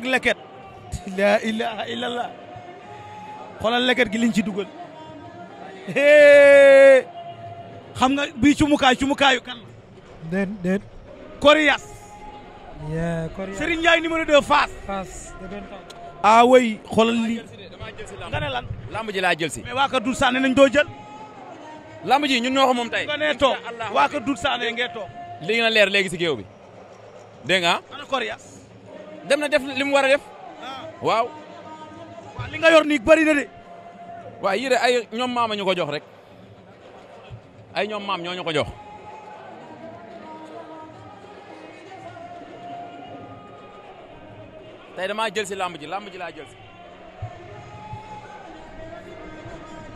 ak leket laa ilaha illallah leket gi liñ ci dugal xam nga bii cumukaay cumukaayu kan la déet déet Korias Serigne Ndiaye numéro 2 Fass Fass ah way xoolal lii nga ne lan lamb ji laa jël si mais waa ka dul saane nañ doo jël lamb ji ñun ñoo ko moom tey nga toog waa ka dul saane ngee toog léegi na leer léegi si géew bi dégg dem na def li mu war a def ah. waaw. li nga yor nii bëri na de. waaw yii de ay ñoom maama ñu ko jox rek ay ñoom maam ñoo ñu ko jox. tey damaa jël si làmb ji làmb ji laa jël si.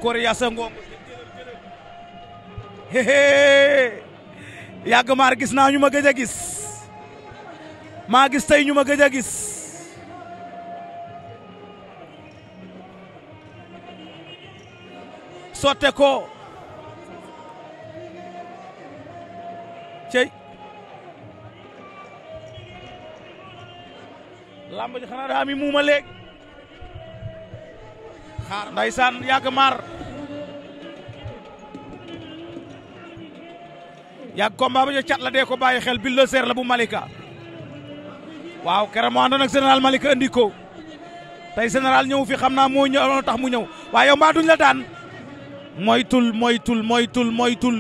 Korya sa ngoog. yàgg maar gis naa ñu ma gëj a gis. maa gis tey ñu ma gëj a gis sotte ko cey lamb ji xanaa daa mi muuma léegi xaar ndaysaan yàgg maar yàgg combat ba jo la dee ko bàyyi xel bi le seer la bu Malika waaw keroog moo àndoon ak général Malick tey général ñëw fi xam naa moo ñëw tax mu ñëw waaye yow mbaa duñ la daan moytul moytul moytul moytul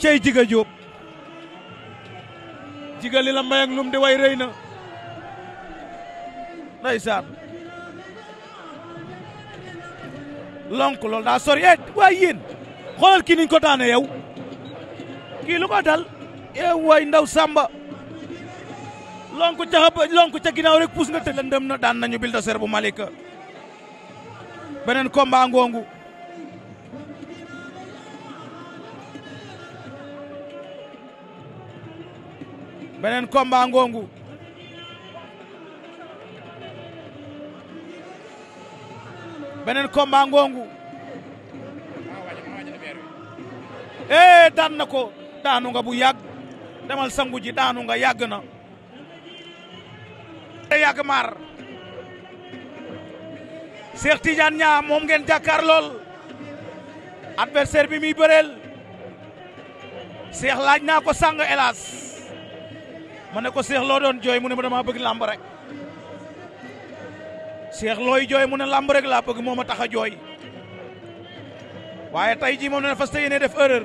cey jiga Jóob jiga li la may lum di way rëy na ndeysaan lonk lool daa sori et eh, waaye yéen xoolal kii niñ ko daane yow kii lu ko dal e waay ndaw Samba lonku ca lonku ca ginnaaw rek puus nga tëj lëndëm na daan nañu Bulldozer bu Malika beneen combat ngongu beneen combat ngongu beneen combat ngongu eh, daan na ko daanu nga bu yàgg demal sangu ji daanu nga yàgg na yàgg maar Cheikh Tidiane moom ngeen jàkkaar lool adversaire bi muy bëreel Cheikh laaj naa ko sàng hélas ma ne ko Cheikh loo doon jooy mu ne ma dama bëgg làmb rek Cheikh looy jooy mu ne làmb rek laa bëgg mooma ma tax a jooy waaye tey jii moom ne na fas yéene def erreur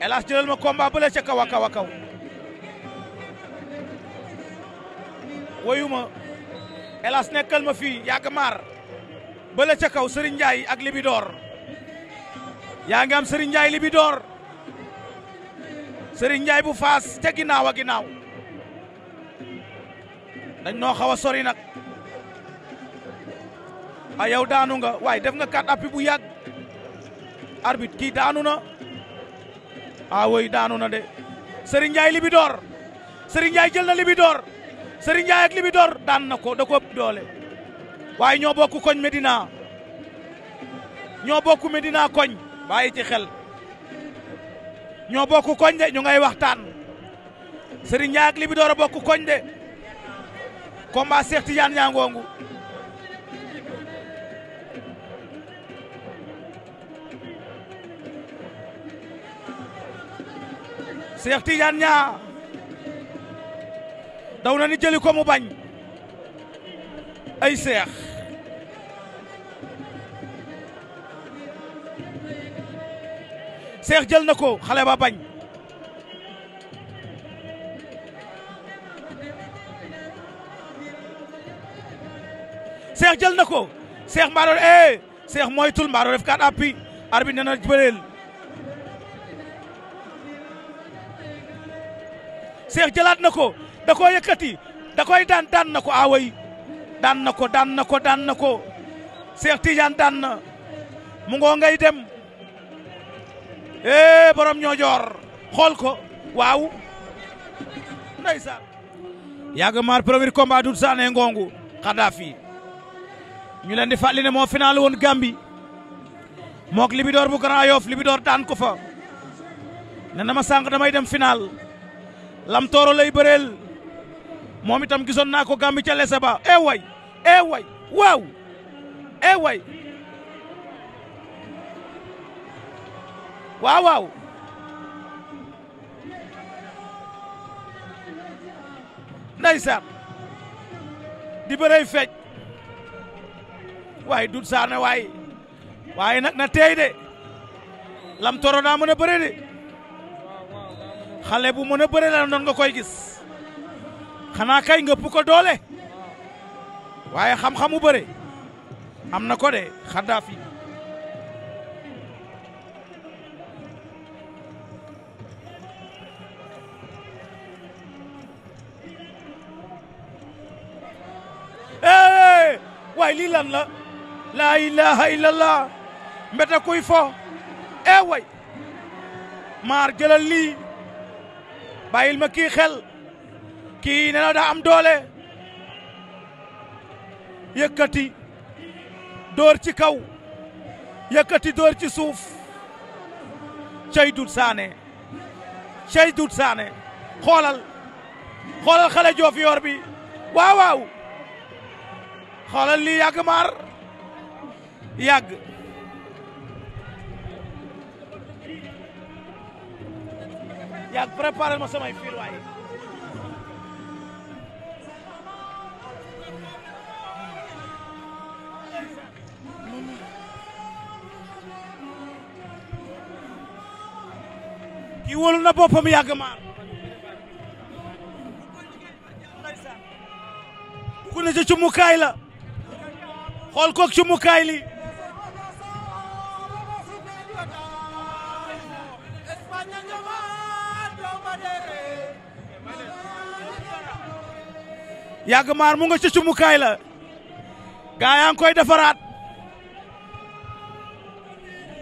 Elas jëlal ma combat bële ca kaw a kaw a kaw Elas nekkal ma fii yàgg maar bële ca kaw Serigne Ndiaye ak Libidor yaa ngi am Serigne Ndiaye Libidor Serigne Ndiaye bu faas ca ginnaaw a ginnaaw dañ noo xaw a sori nag a yow daanu nga waaye def nga kat appi bu yàgg arbitre kii daanu na ah way daanu na de Serigne Ndiaye Libidor Serigne Ndiaye jël na Libidor Serigne Ndiaye ak Libidor daan na ko da doole waaye ñoo bokk koñ Medina ñoo bokk Medina koñ bàyyi ci xel ñoo bokk koñ de ñu ngay waxtaan Serigne Ndiaye ak a bokk koñ de combat Cheikh Tidiane ñaa ngoongu Cheikh tiijaan Niang daw na ni jëli ko mu bañ ay Cheikh Cheikh jël na ko xale ba bañ Cheikh jël na ko Cheikh mbaa doon eh Cheikh moytul mbaa doon def kaat appi arbitre nee na bëreel Cheikh jëlaat na ko da koo yëkkati da koy daan na ko aaway daan na ko ah dan na ko daan na ko Cheikh Tidiane daan na mu ngoo ngay dem eh borom ñoo xool ko waaw ndeysaan yàgg maar premier combat du Sané Ngongu Kadhafi ñu leen di fàttali ne moo final woon Gambie mook Libidor bu Grand Yoff Libidor daan ko fa ne ma sànq damay dem final lam tooro lay bëreel moom itam gisoon naa ko gàmmi ca lese eh eh waaw e eh way waaw waaw ndeysaan di bërey fecc waaye dut saane waaye waaye nag na teey de lam toro daa mën a xale bu mën a bëre la noonu nga koy gis xanaa kay ngëpp ko doole waaye xam-xamu bëre am na ko de Xaddaafi waay lii lan la laa ilaha illallah mbete kuy fo e maar jëlal lii bàyyil ma kii xel kii nee daa am doole yëkkati dóor ci kaw yëkkati dóor ci suuf cey dut saane cey dut saane xoolal xoolal xale joof yoor bi waaw waaw xoolal lii yàgg maar yàgg yaa préparé ma samay fiil waaye ki wóolu na boppam yàgg maar ku ne ca cumukaay la xool kook cumukaay li yàgg maar mu nga ci sumukaay la gaa ngi koy defaraat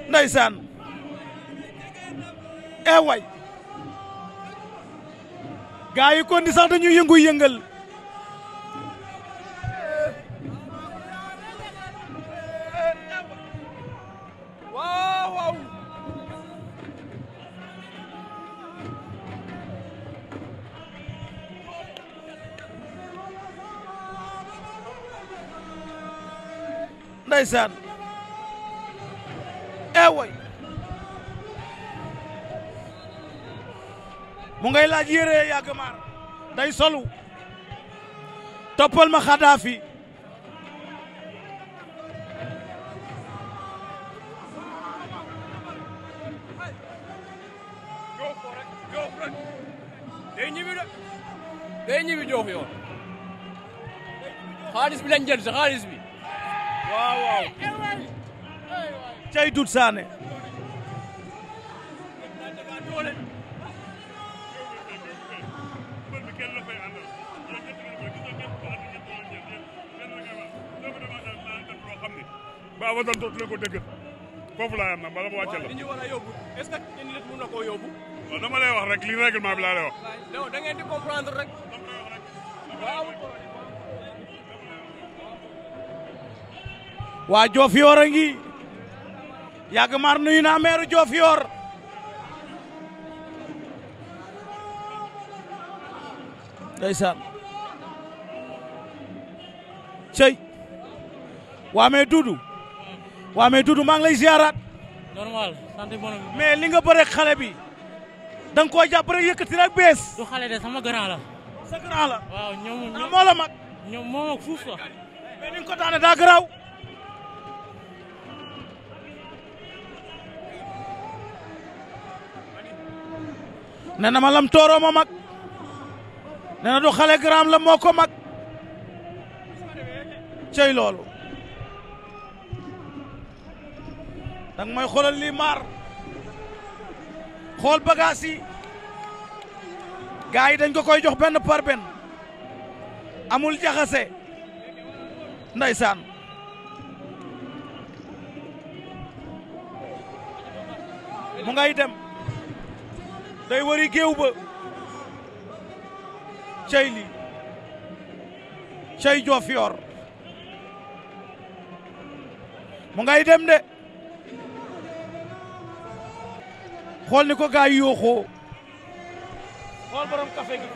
ndeysaan e eh, way gaa yi kon di sax dañuy yëngu yëngal ndeysaan ewoy eh, mu ngay laaj yére yàgg maar day solu toppal ma Xadaafi day ñibi day ñibi joof xaalis bi lañ si xaalis waaw cay dut saane ba awa doon dootu ko dégg foofu laa na mbala ma wàcce la. ñu war yóbbu est-ce que une nit yóbbu. waaw dama lay wax rek li règlement bi laa di comprendre rek. waa Diofior a ngi yàgg maar nuyu naa meeru Diofior ndeysaan cey waa mais Doudou waa mais Doudou maa ngi lay ziaraat normal sant borom mais li nga bëre xale bi da nga koo jàpp rek yëkkati rek de sama grand la sa grand la waaw la mag ñoom mag fuuf sax mais ni ko daane daa garaaw ne na ma lam tooroo ma mag ne na du xale garaam la moo ko mag cey loolu dang may xoolal lii maar xool bagages yi gars yi dañ ko koy jox benn par benn amul jaxase ndeysaan mu ngay dem day wari géew ba cey li cey Diofior mu ngay dem de xool ni ko gaa yi xool borom café gi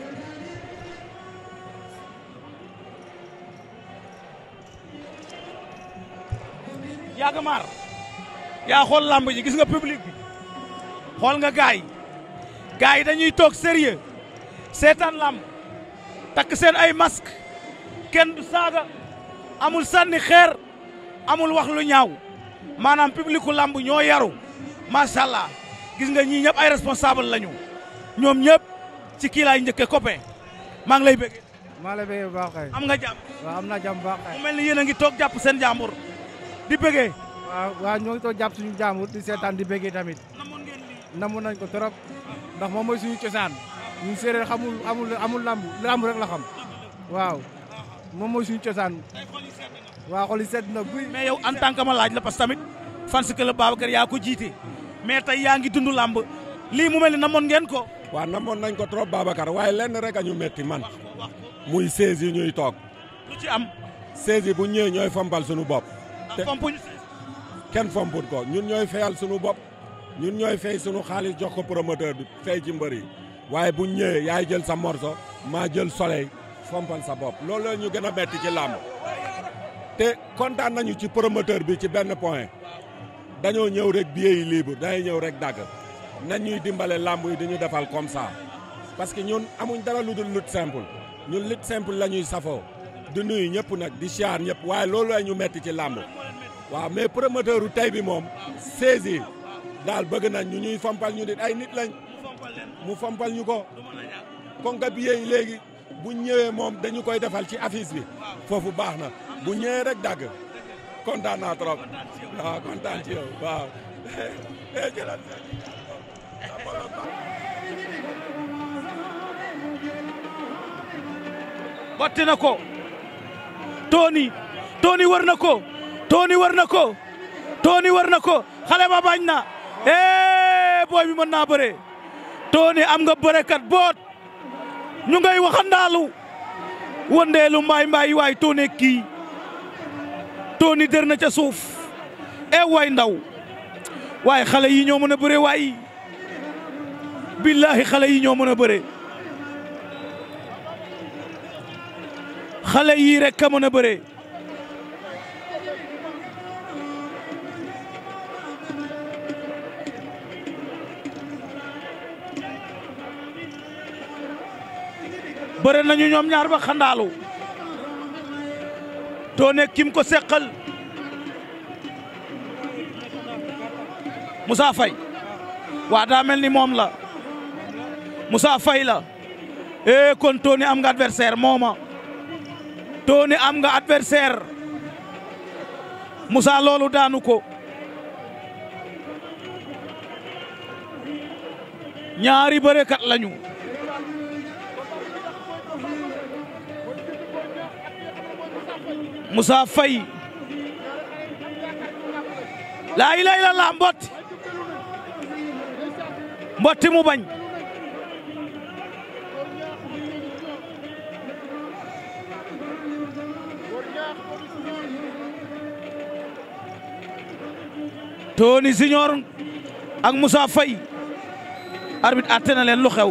yàgg maar yaa xool làmb gis nga public bi xool nga gaa gars yi dañuy toog sérieux seetaan lamb takk seen ay masque kenn du saaga amul sànni xeer amul wax lu ñaaw maanaam publiku lamb ñoo yaru macha allah gis nga ñii ñëpp ay responsable lañu ñoom ñëpp ci kii laay njëkkee copain maa ngi lay bëgg. maa la bëgg bu baax kay. am nga jàmm. waaw am naa jàmm bu baax kay. mel ni yéen a ngi toog jàpp seen jàmbur di bëggee. waaw waaw ñoo ngi toog jàpp suñu jàmbur di seetaan di bëggee tamit. namoon nañ ko trop ndax moom mooy suñu cosaan ñun séeréer xamul amul làmb lamb lamb rek la xam waaw moom suñu cosaan waa xol sedd na guy. mais yow en tant que ma laaj la parce que tamit fans club Babacar yaa ko jiite mais tey yaa ngi tund làmb lii mu mel ni namoon ngeen ko. waa namoon nañ ko trop Babacar waaye lenn rek a ñu metti man muy seize yi ñuy toog. lu ci am. seize yi bu ñëwee ñooy fompal suñu bopp. te kenn fomput ko ñun ñooy fayal suñu bopp. ñun ñooy fay sunu xaalis jox ko promoteur bi fay ci mbër yi waaye bu ñëwee yaay jël sa morso maa jël soleil fompal sa bopp loolu la ñu gën a metti ci làmb te kontaan nañu ci promoteur bi ci benn point dañoo ñëw rek billet yi libre dañuy ñëw rek dagg nañ ñuy dimbale làmb yi dañu defal comme ça parce que ñun amuñ dara lu dul lutte simple ñun lutte simple la ñuy safoo du nuyu ñëpp nag di siyaar ñëpp waaye loolu la ñu metti ci làmb waaw mais promoteur u tey bi moom saisi daal bëgg nañ ñu ñuy fampal ñu nit ay nit lañ mu fampal ñu ko konka bi yi léegi bu ñëwee moom dañu koy defal ci affiche bi foofu baax na bu ñëwee rek dagg kontaan naa trop waaw ah, kontaan ci yow waaw eh, botte na ko Tony Tony war na ko Tony war na ko Tony war na ko xale ba bañ na eh booy bi mën naa bëre Tony am nga bërekat boot ñu ngay waxandaalu wëndeelu mbaay mbaay waay Tony kii Tony dër na ca suuf e waay ndaw waaye xale yi ñoo mën a bëre waay billahi xale yi ñoo mën a bëre xale yii rek ka mën a bëre bëre nañu ñoom ñaar ba xandaalu Toné kim ko seqal musa fay waa daa mel ni moom la Moussa fay la e kon Toné am nga adversaire mooma Toné am nga adversaire musa loolu daanu ko ñaari bërekat lañu Moussa fay laa ilaha illallah mbotti mbotti mu bañ Tony Junior ak Moussa Faye arbitre atte na leen lu xew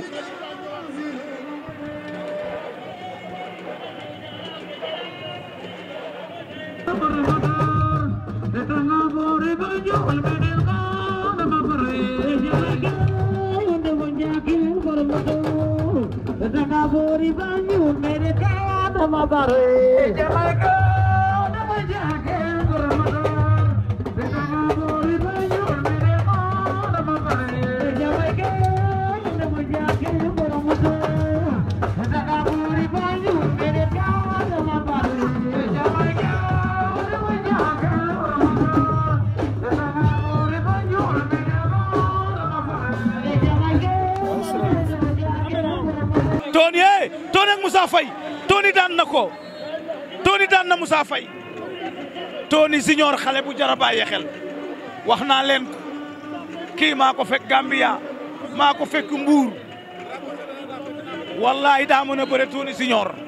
Faye Tony daan na ko Tony daan na Moussa Faye Tony Junior xale bu jar a bàyyi xel wax naa leen ko kii maa ko fekk Gambia maa ko fekk Mbuur wallahi daa mën a bëre Tony Junior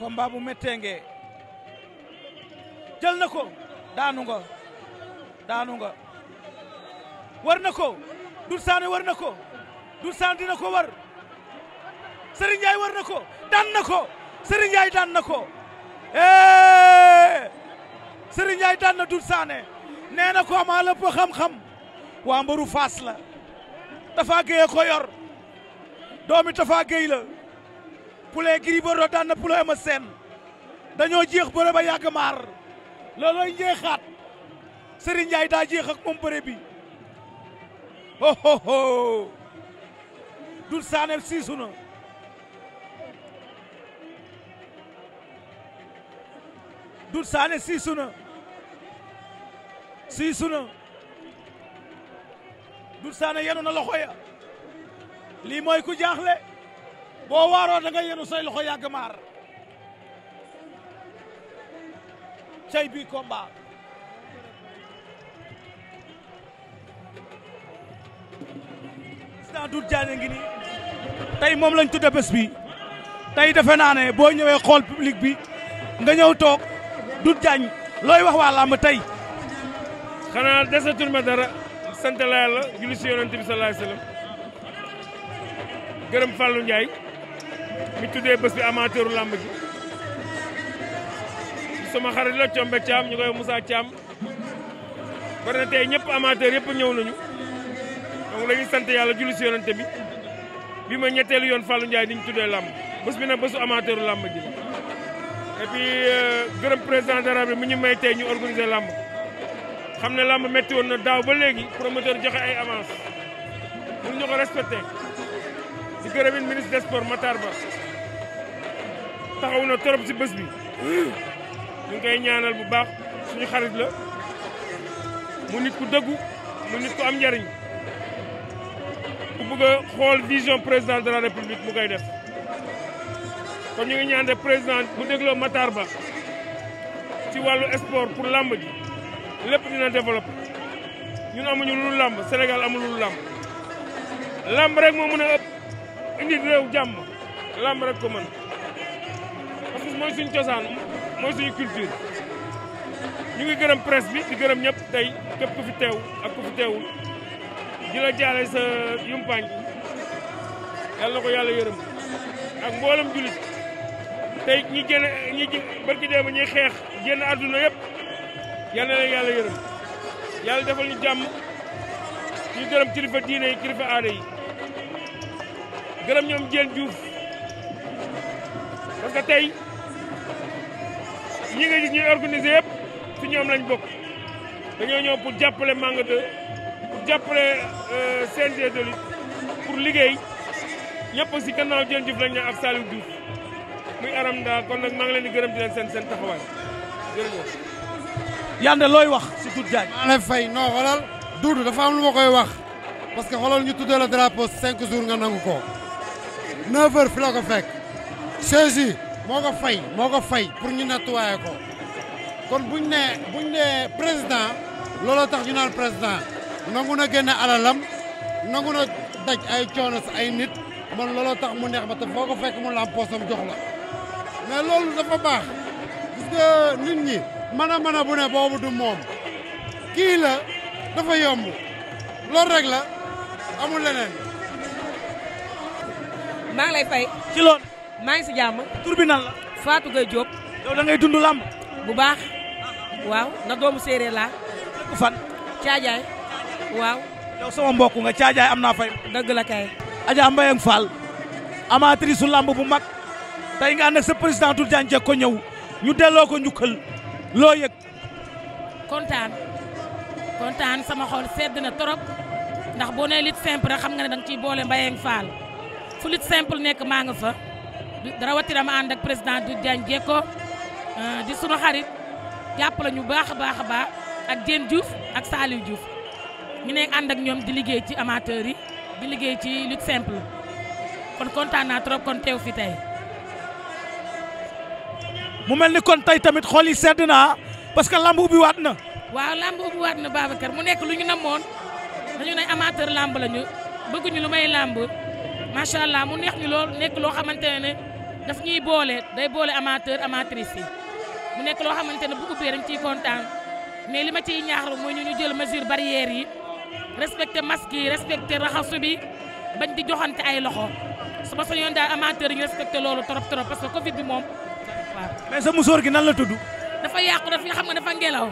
combat bu méttee ngee jël na ko daanu nga daanu nga war na ko Doudou Sané war na ko Doudou Sané dina ko war Serigne Ndiaye war na ko daan na ko Serigne Ndiaye daan na ko Serigne Ndiaye daan na Doudou Sané nee na ko maa lépp xam-xam waa mbaru Fass la Tafa Gueye ko yor doomi Tafa Gueye la poulet Gris Bordeaux daan na poulet Eumeu Sène dañoo jeex bëre ba yàgg maar loolooy njeexaat Serigne Ndiaye daa jeex ak moom bëre bi ho ho ho dul saaneem siisu na dul saane siisu na siisu na dul saane yenu na loxo ya lii mooy ku jaaxle boo waaroo da nga yenu say loxo yàgg maar bii bi combat président Doudou Diagne ngi nii tey moom lañ tudde bés bi tey defe naa ne boo ñëwee xool public bi nga ñëw toog Doudou Diagne looy wax waa làmb tey xanaa desatul ma dara sant la yàlla julli si yonent bi sallallahu alayhi gërëm Fallou Ndiaye mi tuddee bés bi amateur lamb ji sama xarit la Combe Thiam ñu koy Moussa Thiam bari tey ñëpp amateur yëpp ñëw nañu donc dañuy sant yàlla julli si yonante bi bi ma ñetteelu yoon Fallou Ndiaye di ñu tuddee lamb bés bi na bésu amateur làmb ji et puis euh, président dara bi mu ñu may tey ñu organiser lamb xam ne lamb métti woon na daaw ba léegi promoteur joxe ay avance mun ñu ko respecté di gërëmin ministre des sports Matar Ba taxaw na trop si bés bi ñu ngi koy ñaanal bu baax suñu xarit la mu nit ku dëggu mu nit ku am njariñ ku bëgg a xool vision président de la république mu koy def kon ñu ngi ñaan de président bu dégloo Matar Ba ci wàllu sport pour làmb ji lépp dina développé ñun amuñu lu làmb Sénégal amul lu làmb làmb rek moo mën ëpp indi réew jàmm làmb rek ko mën parce cosaan mooy suñu ñu ngi gërëm pres bi di gërëm ñëpp tey képp ku fi teew ak ku fi teewul jaale sa yumpaañ yàlla na ko yàlla yërëm ak mboolem jullit tey ñi génn ñi barki dee ba xeex génn àdduna yëpp yàlla na leen yàlla yërëm yàlla defal ñu jàmm ñu gërëm kilifa diine yi kilifa aada yi gërëm ñoom Diène Diouf parce que tey ñi nga gis ñuy organiser yëpp ci ñoom lañ bokk dañoo ñëw pour jàppale Manga 2 pour jàppale euh, CNG de lutte pour liggéey ñëpp ci gannaaw Diène Diouf lañ ne ak Saliou Diouf muy aram ndaa kon nag maa ngi leen di gërëm di leen seen seen taxawaay Yande looy wax si Doudou Diagne. maa lay fay non xoolal Doudou dafa am lu ma koy wax parce que xoolal ñu tuddee la drapeau cinq jours nga nangu ko. neuf heures fi la ko fekk seize moo ko fay moo ko fay pour ñu nettoyer ko kon buñ ne buñ ne président loolu tax ñu naan président nangu na génne alalam nangu na daj ay coono si ay nit man looloo tax mu neex ma te foo ko fekk mu lam poosam jox la mais loolu dafa baax gis nga nit ñi mën a bu ne boobu du moom kii la dafa yomb loolu rek la amul leneen maa ngi lay fay. ci loon maa ngi si jàmm. tur bi nan la. Fatou Gueye da ngay dund làmb. bu baax. waaw na doomu séeréer laa. dëkk fan. Caajaay. waaw. yow sama mbokk nga Caajaay am naa fay. dëgg la kay. Adja Mbayang Fall. amatrice su làmb bu mag. tey nga ànd ak sa président Doudou Diagne ñëw. ñu delloo ko njukkal. loo yëg. kontaan. kontaan sama xool sedd na torop ndax boo ne lit simple xam nga ne danga ciy boole Mbayang Fall. fu lutte simple nekk maa nga fa rawatina ma ànd ak président du Diagne Diéko euh, di sunu xarit jàppale ñu baax a baax a baax ak Diène Diouf ak Saliou Diouf ñu nekk ànd ak ñoom di liggéey ci amateurs yi di liggéey ci lutte simple kon kontaan naa trop kon teew fi tey. mu mel ni kon tey tamit xol yi sedd naa parce que lamb ubbi waat na. waaw lamb ubbi waat na Babacar mu nekk lu ñu namoon dañu ne amateur làmb lañu bëgguñu lu may làmb macha allah mu neex ñu loolu nekk loo xamante ne daf ñuy boole day boole amateur amatrice yi mu nekk loo xamante ne bu ubbee dañ ciy kontaan mais li ma ciy ñaax mooy ñu ñu jël mesure barrière yi respecté masque yi respecté raxasu bi bañ di joxante ay loxo su ma sañoon daal amateur yi ñu respecté loolu trop trop parce que Covid bi moom. mais sa musóor gi nan la tudd. dafa yàqu dafa xam nga dafa ngelaw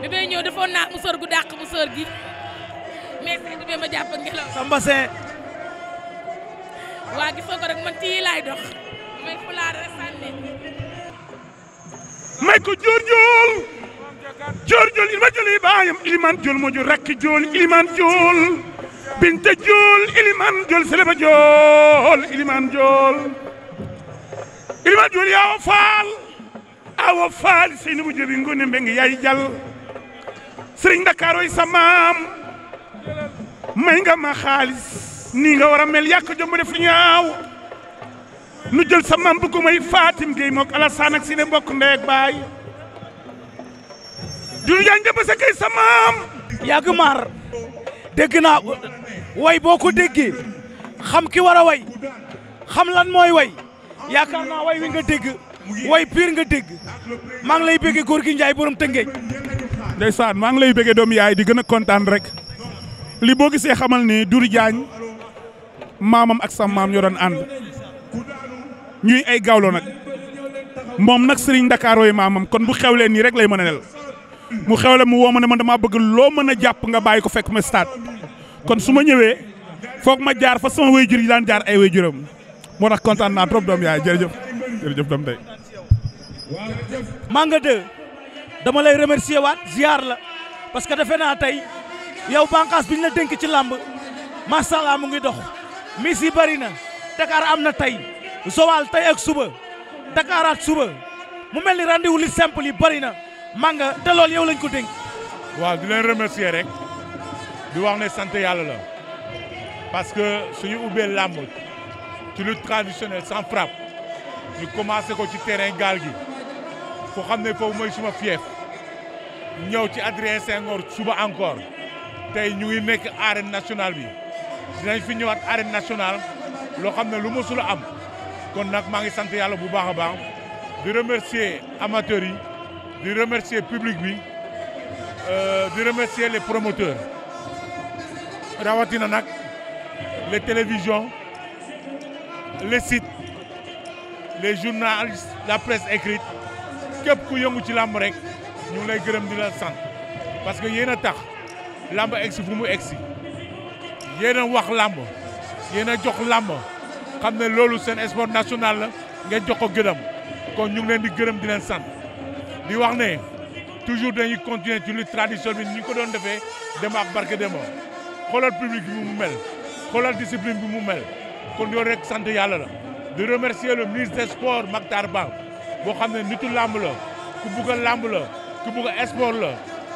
bi may ñëw dafa naa musóor gu dàq musóor gi mais seen bi waa gisoo ko rek man yi laay dox may fulaar rek sànni may ko joor jool joor jool il ma joli baayam iliman jool moo ju rakki jool iliman jool binte jool iliman jool seleba jool iliman faal awa faal Seynabou Jobi ngone mbengi yaay jal sëriñ Ndakaaroy sa maam may nga ma xaalis nii nga war a mel yàq jomb def ñaaw nu jël sa mam bu ko may Fatim Gueye mook si ne bokk ndey ak baay duñu jaan jëmb sa kay sa maam yàgg maar dégg naa way boo ko déggee xam ki war a way xam lan mooy way yaakaar naa way wi nga dégg way pire nga dégg maa ngi lay bëggee góor gi Njaay borom tëngeej ndeysaan maa ngi lay bëggee doom yaay di gën a kontaan rek li boo gisee xamal ni Doudou maamam ak sa maam ñoo doon ànd ñuy ay gaawloo nag moom nag sëriñ Ndakaarooy maamam kon bu xew leen nii rek lay mën a nel mu xewle mu woo ma ne man damaa bëgg loo mën a jàpp nga bàyyi ko fekk ma stade kon su ma ñëwee foog ma jaar fa sama waajur yi daan jaar ay waajuram moo tax kontaan naa trop doom yaay jërëjëf jërëjëf doom day Manga 2 dama lay remercier waat ziar la parce que defe naa tey yow bànqaas bi ñu la dénk ci làmb macha mu ngi dox mis yi bëri na Dakar am na tey Joal tey ak suba Dakaraat suba mu mel ni rendez-vous li simple yi na Manga te loolu yow lañ ko dénk. waaw di leen remercier rek di wax ne sant yàlla la parce que suñu ubbee làmb ci lutte traditionnelle sans commencé ko ci terrain gaal gi foo xam ne foofu mooy suma fief ñëw ci Adrien Senghor suba encore tey ñu ngi nekk arène nationale bi. dinañ fi ñëwaat arène nationale loo xam ne lu mësul am kon nag maa ngi sant yàlla bu baax a baax di remercier amateurs yi di remercier public bi euh, di remercier les promoteurs rawatina nag les télévisions les sites les journalistes la presse écrite képp ku yëngu ci làmb rek ñu ngi lay gërëm di la sant parce que yéen a tax làmb egsi fu mu egsi yéen a wax làmb yéen a jox làmb xam ne loolu seen sport national la ngeen jox ko gërëm kon ñu ngi leen di gërëm di leen sant di wax ne toujours dañuy continuer ci lutte traditionnelle bi ñu ko doon defee dem ak barke dem xoolal public bi mu mel xoolal discipline bi mu mel kon yoo rek sant yàlla la di remercier le ministre des sports Mactar Ba boo xam ne nitu làmb la ku bugg a làmb la ku bugg a la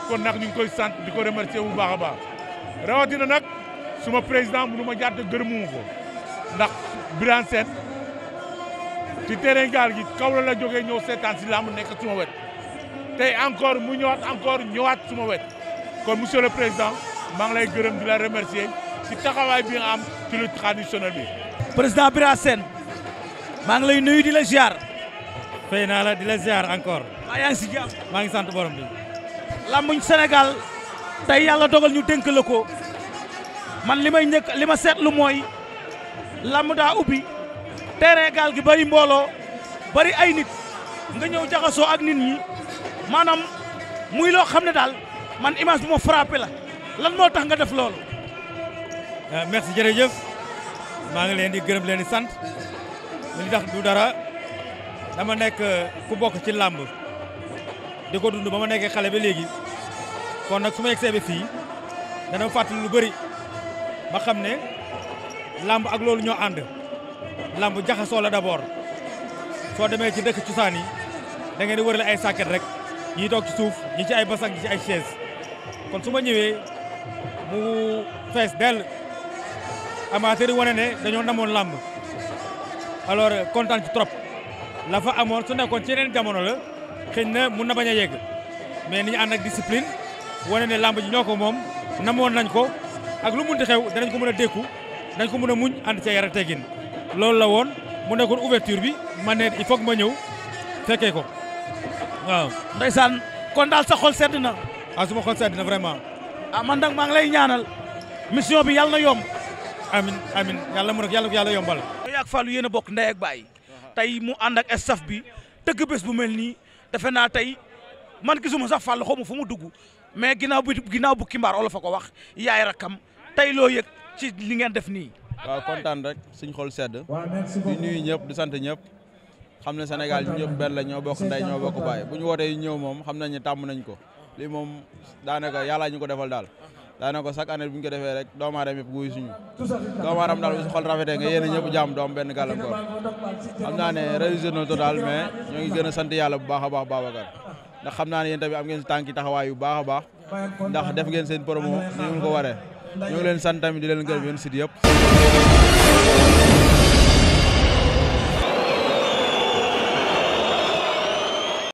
kon nag ñu koy sant di ko remercier bu baax baax rawatina nag suma président mënu ma jàdd gërëmu ko ndax Birane Sène ci terrain gaal gi kaw la la jógee ñëw seetaan si làmb nekk suma wet tey encore mu ñëwaat encore ñëwaat suma wet kon monsieur le président maa ngi lay gërëm di la remercier ci taxawaay bi nga am ci lutte traditionnelle bi. président Birane Sène maa ngi lay nuyu di la ziar. fay naa la di la ziar encore. waaw yaa ngi si jàmm. maa ngi sant borom bi. làmbuñ Sénégal tey yàlla dogal ñu dénk la ko. man li may njëkk li ma seetlu mooy lamb daa ubbi terrain gaal gi bari mbooloo bari ay nit nga ñëw jaxasoo ak nit ñi maanaam muy loo xam ne daal man image bu ma la lan moo tax nga def loolu. Euh, merci jërëjëf maa ngi leen di gërëm leen di sant li tax du dara dama nekk euh, ku bokk ci làmb di ko dund ba ma nekkee xale ba léegi kon nag su ma yegsee ba dana fàttali lu bari ba xam ne làmb ak loolu ñoo ànd làmb jaxasoo la d'abord soo demee ci dëkk cosaan yi da ngeen di wërale ay sàkket rek ñi toog ci suuf ñi ci ay basak ñi ci ay chaise kon su ma ñëwee mu fees dell amateur yi wane ne dañoo namoon làmb alors kontaan ci trop la fa amoon su nekkoon ci yeneen jamono la xëy na mun na bañ a yegg mais ni ànd ak discipline wane ne làmb ji ñoo ko moom namoon nañ ko ak lu munti xew danañ ko mën a dékku danañ ko mën a muñ ànd ca yar a teggin loolu la woon mu nekkoon ouverture bi ma i il faut que ma ñëw fekkee ko waaw. kon daal sa xol sedd na. ah suma xol sedd na vraiment. ah man nag maa ngi lay ñaanal mission bi yàlla na yomb. amin amin yàlla mu nag yàlla ko yàlla yombal. yooyu ak Fallou yéen a bokk ndey ak baay tey mu ànd ak staff bi tëgg bés bu mel nii defe naa tey man gisuma sax Fallou xaw ma fu mu dugg mais ginnaaw bi ginnaaw bu Kimbar olof a wax yaay tey loo yëg ci li ngeen def nii. waaw kontaan rek suñ xol sedd di nuyu ñëpp du sant ñëpp xam na Sénégal ñu ñëpp benn la ñoo bokk ndey ñoo bokk baay bu ñu wootee ñëw moom xam na ne tàmm nañ ko lii moom daanaka yàllaa ñu ko defal daal daanaka chaque année bu ñu ko defee rek doomu aadama yëpp wuyu suñu doomu aadama daal bu si xol rafetee nga yéen a ñëpp jaam doom benn gàllankoor xam naa ne réussir na total mais ñoo ngi gën a sant yàlla bu baax a baax Babacar ndax xam naa ne yéen tamit am ngeen si tànki taxawaay yu baax baax ndax def ngeen seen promo ni mu ko waree ñoo ngi leen sant tamit di leen gërëm yéen site yëpp.